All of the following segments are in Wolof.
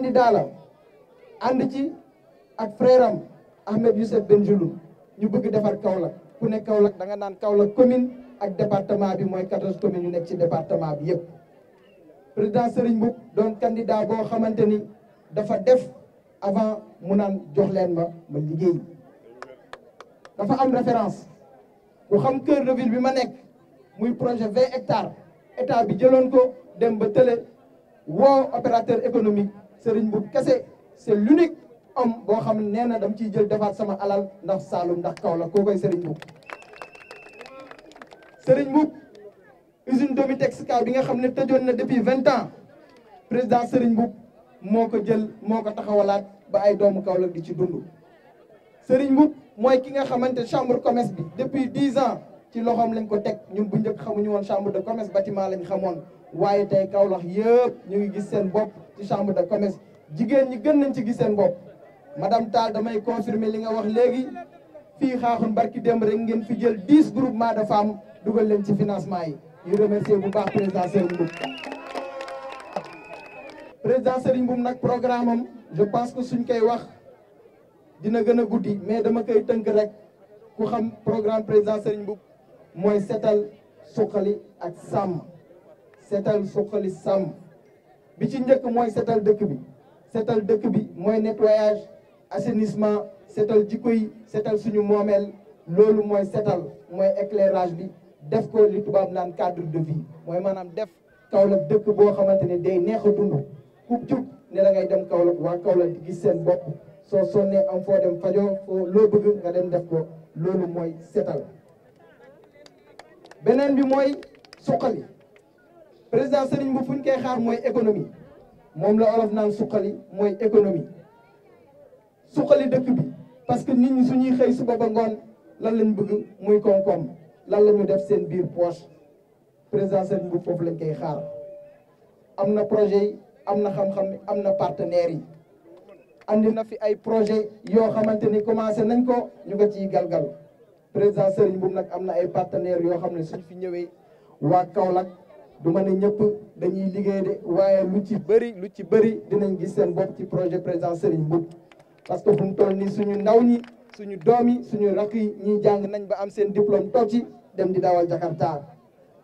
candidat la ànd ci ak frère am Ahmed Youssef Benjelloun ñu bëgg defar Kaolack ku nekk Kaolack da nga naan Kaolack commune ak département bi mooy quatorze communes yu nekk ci département bi yëpp président Serigne Mboup doon candidat boo xamante ni dafa def avant mu naan jox leen ma ma liggéey dafa am référence ku xam cœur de ville bi ma nekk muy projet vingt hectares état bi jëloon ko dem ba tële woo opérateur économique Serigne Mboup kese c'est l'unique homme boo xam ne nee na dama ciy jël defaat sama alal ndax Saalum ndax Kaolack koo koy Serigne Mboup Serigne Mboup usine Domi Textile bi nga xam ne tëjoon na depuis vingt ans président Serigne Mboup moo ko jël moo ko taxawalaat ba ay doomu Kaolack di ci dund Serigne Mboup mooy ki nga xamante chambre commerce bi depuis dix ans ci loxoom lañ ko teg ñun bu njëkk xamuñu woon chambre de commerce bâtiment xamoon waaye tey Kaolack yëpp ñu ngi gis seen bopp ci chambre de commerce jigéen ñi gën nañ ci gis seen bopp madame Tall damay confirmer li nga wax léegi fii xaaxun barki démb rek ngeen fi jël dix groupement de femmes dugal leen ci financement yi ñu remercier bu baax président Serigne Mboum président Serigne Mboum nag programme am je pense que suñ koy wax dina gën a guddi mais dama koy tënk rek ku xam programme président Serigne Mboum mooy setal suqali ak sàmm setal suqali sàmm bi ci njëkk mooy setal dëkk bi setal dëkk bi mooy nettoyage assainissement setal jikko setal suñu moomeel loolu mooy setal mooy éclairage bi def ko li tubaab naan cadre de vie mooy maanaam def Kaolack dëkk boo xamante ne day neex a dund ku jub ne da ngay dem Kaolack waa Kaolack di gis seen bopp soo sonnee am foo dem fajoo foo loo bëgg nga dem def ko loolu mooy setal beneen bi mooy suqali président Serigne bu fu ñu koy xaar mooy économie moom la olof naan suqali mooy économie suqali dëkk bi parce que nit ñi suñuy xëy su ba ngoon lan lañ bëgg muy koom-koom lan la ñu def seen biir poche président Serigne bu foofu lañ koy xaar am na projet yi am na xam-xam am na partenaires yi andi na fi ay projet yoo xamante ni commencé nañ ko ñu ko ciy galgal président Serigne Boum nag am na ay partenaires yoo xam ne suñ fi ñëwee waa Kaolack du ma ne ñëpp dañuy liggéey de waaye lu ci bëri lu ci bëri dinañ gis seen bopp ci projet président Serigne Boum parce que fu mu toll nii suñu ndaw ñi suñu doom yi suñu rakk yi ñii jàng nañ ba am seen diplôme toog ci dem di dawal Jakarta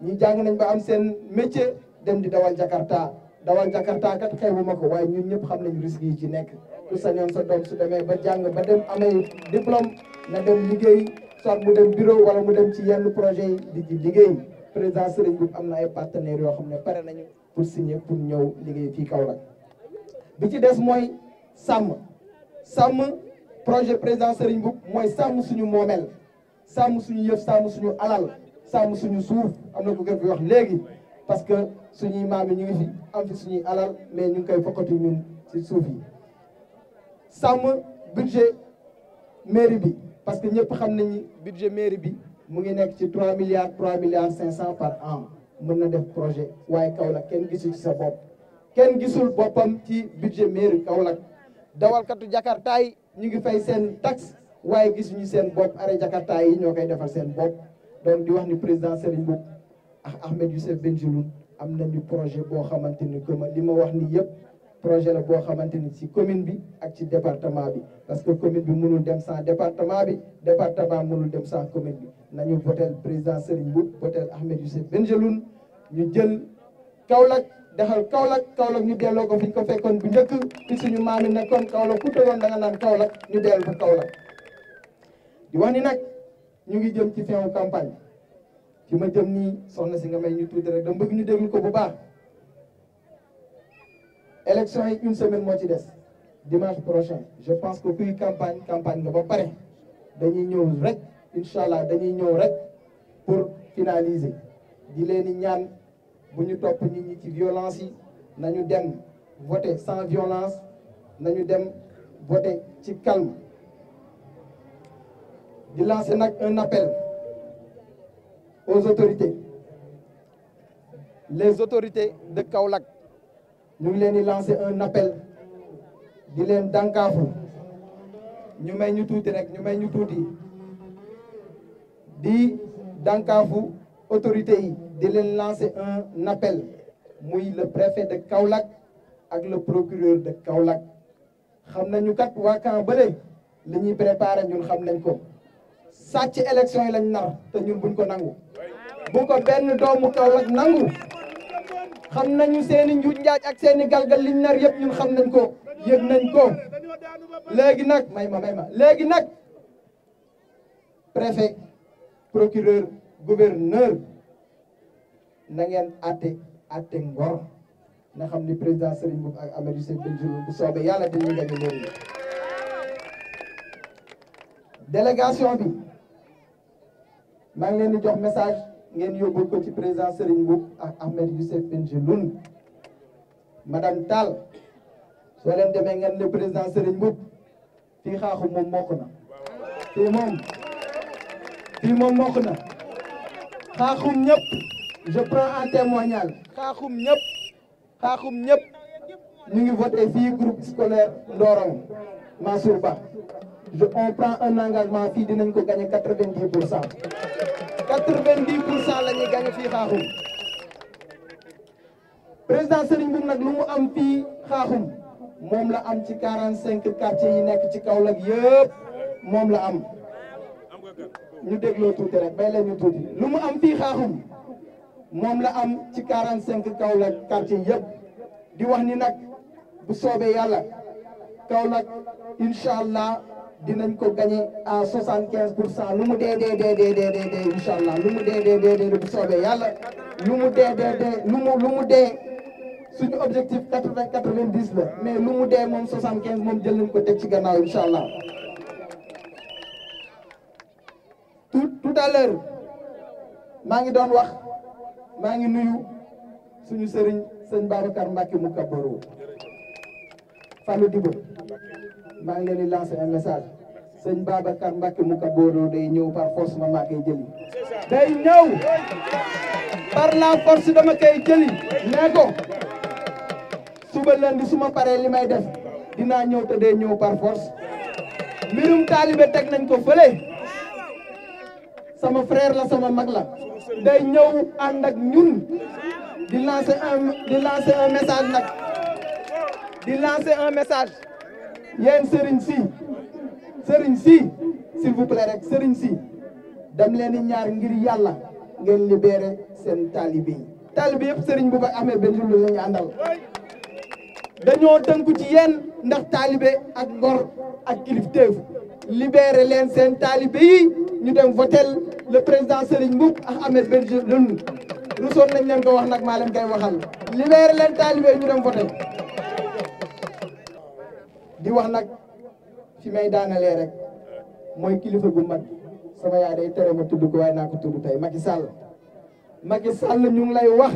ñii jàng nañ ba am seen métier dem di dawal Jakarta dawal Jakarta kat xeebu ma ko waaye ñu ñëpp xam nañ risque yi ci nekk. ku sañoon sa doom su demee ba jàng ba dem amee soit mu dem bureau wala mu dem ci yenn projet yi di ci liggéey président Serigne Mboup am na ay partenaires yoo xam ne pare nañu pour signer pour ñëw liggéey kaw Kaolack bi ci des mooy sàmm sàmm projet président Serigne Mboup mooy sàmm suñu moomeel sàmm suñu yëf sàmm suñu alal sàmm suñu suuf am na ko gën fi wax léegi parce que suñuy maam yi ñu ngi fi am fi suñuy alal mais ñu ngi koy fokkati ñun ci suuf yi sàmm budget mairie bi parce que ñëpp xam nañu budget mairie bi mu ngi nekk ci trois milliards trois milliards cinq cent par an mën na def projet waaye Kaolack kenn gisul ci sa bopp kenn gisul boppam ci budget mairie Kaolack dawalkatu jakarta yi ñu ngi fay seen taxe waaye gisuñu seen bopp arrêt jakarta yi ñoo koy defal seen bopp donc di wax ni président Serigne Mboup ak ah Ahmed Youssef Benjeloun am nañu projet boo xamante ni que li ma wax ni yëpp projet la boo xamante ni si commune bi ak ci département bi parce que commune bi mënul dem sans département bi département mënul dem sans commune bi nañu votel président Serigne Mboup votel Ahmed Youssef Benjeloun ñu jël Kaolack dexal Kaolack Kaolack ñu delloo ko fi ñu ko fekkoon bu njëkk ci suñu maam yi nekkoon Kaolack ku tëjoon da nga naan Kaolack ñu delloo ko Kaolack di wax ni nag ñu ngi jëm ci fin campagne ci ma jëm nii soxna si nga may ñu tuuti rek dama bëgg ñu déglu ko bu baax élection yi une semaine moo ci des dimanche prochain je pense que kuy campagne campagne nga ba pare dañuy ñëw rek incha allah dañuy ñëw rek pour finaliser di leen ñaan bu ñu topp ñu ñi ci violence yi nañu dem voter sans violence nañu dem voter ci calme di lancer nag un appel aux autorités les autorités de Kaolack ñu ngi leen di lancer un appel di leen dànkaafu ñu may ñu tuuti rek ñu may ñu tuuti di dànkaafu autorité yi di leen lancer un nappel muy le préfet de Kaolack ak le procureur de Kaolack xam nañu kat waa camp bële li ñuy préparé ñun xam nañ ko sacc élection yi lañ nar te ñun buñ ko nangu bu ko benn doomu Kaolack nangu xam nañu seeni i njuuj njaaj ak seen i galgal liñ nar yëpp ñun xam nañ ko yëg nañ ko léegi nag may ma may ma léegi nag préfet procureur gouverneur na ngeen atte atte ngor na xam ni président Serigne Mboup ak Amadou Sy Bengelloune bu soobee yàlla dañuy gañe loolu délégation bi maa ngi leen di jox message ngeen yóbbul ko ci président Serigne Mboup ak Ahmed Youssef Benjeloun madame Tall soo leen demee ngeen ne président Serigne fi fii xaaxu moom mokk na fii moom fii moom mokk na xaaxum ñëpp je prends en témoignage xaaxum ñëpp xaaxum ñëpp ñu ngi voté fii groupe scolaire Ndorong Mansour Ba je on prend un engagement fii dinañ ko gagné quatre-vingt-dix pour cent quatre-vingt-dix pour cent la ñuy gagné président Serigne Mboup nag lu mu am fii xaaxum moom la am ci quarante cinq quartiers yi nekk ci kaw Kaolack yëpp moom la am ñu dégloo tuuti rek bay leen tuuti lu mu am fii xaaxum moom la am ci quarante cinq Kaolack quartier yëpp di wax ni nag bu soobee yàlla Kaolack incha allah dinañ ko gagné à soixante quinze pour cent lu mu dee dee dee dee dee dee incha allah lu mu dee dee dee dee bu soobee yàlla lu mu dee dee dee lu mu lu mu dee suñu objectif quatre vingt quatre vingt dix la mais lu mu dee moom soixante quinze moom jël nañ ko teg ci gannaaw incha allah tout tout à l'heure maa ngi doon wax maa ngi nuyu suñu sëriñ sëñ Babacar Mbacke mu kabaroo Fallou Dibo maa ngi leen di lancer un message sëñ Babacar Mbacke mu ko boodoo day ñëw par force ma maa koy day ñëw par la force dama koy jëli nee ko suba paree li def dinaa ñëw te day ñëw par force taalibe teg nañ ko fële sama frère la sama mag la day ñëw ànd ak ñun di lancer un di lancer message nag di lancer un message. yéen sëriñ si sëriñ si s'il vous rek sëriñ si dem leen di ñaar ngir yàlla ngeen libéré seen taalibe yi taalibe yëpp sëriñ bu ba amee benn lu lañu àndal dañoo tënku ci yéen ndax taalibe ak ngor ak kilifteef libéré leen seen taalibe yi ñu dem votel le président Serigne Mboup ak Ahmed Benji Lonu rusoon nañ leen ko wax nag maa leen waxal libéré leen taalibe ñu dem votel di wax nag fi may daanalee rek mooy kilifa gu mag sama yaay day tere ma tudd ko waaye naa ko tudd tey Macky Sall Macky Sall ñu ngi lay wax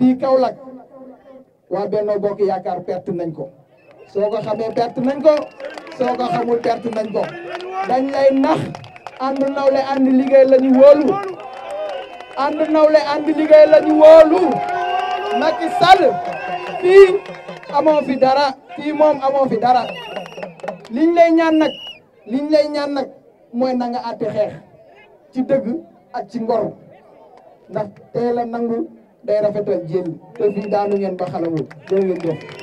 fii Kaolack waa Benno Bokk Yaakaar pert nañ ko soo ko xamee perte nañ ko soo ko xamul perte nañ ko dañ lay nax ànd nawle ànd liggéey la ñu wóolu ànd nawle ànd liggéey la ñu wóolu Macky Sall fii amoo fi dara fii moom amoo fi dara liñ lay ñaan nag liñ lay ñaan nag mooy na nga àtte xeex ci dëgg ak ci ngor ndax teel a nangu day rafetal jéem te fii daanu ngeen ba xalawul jërë ngeen jëf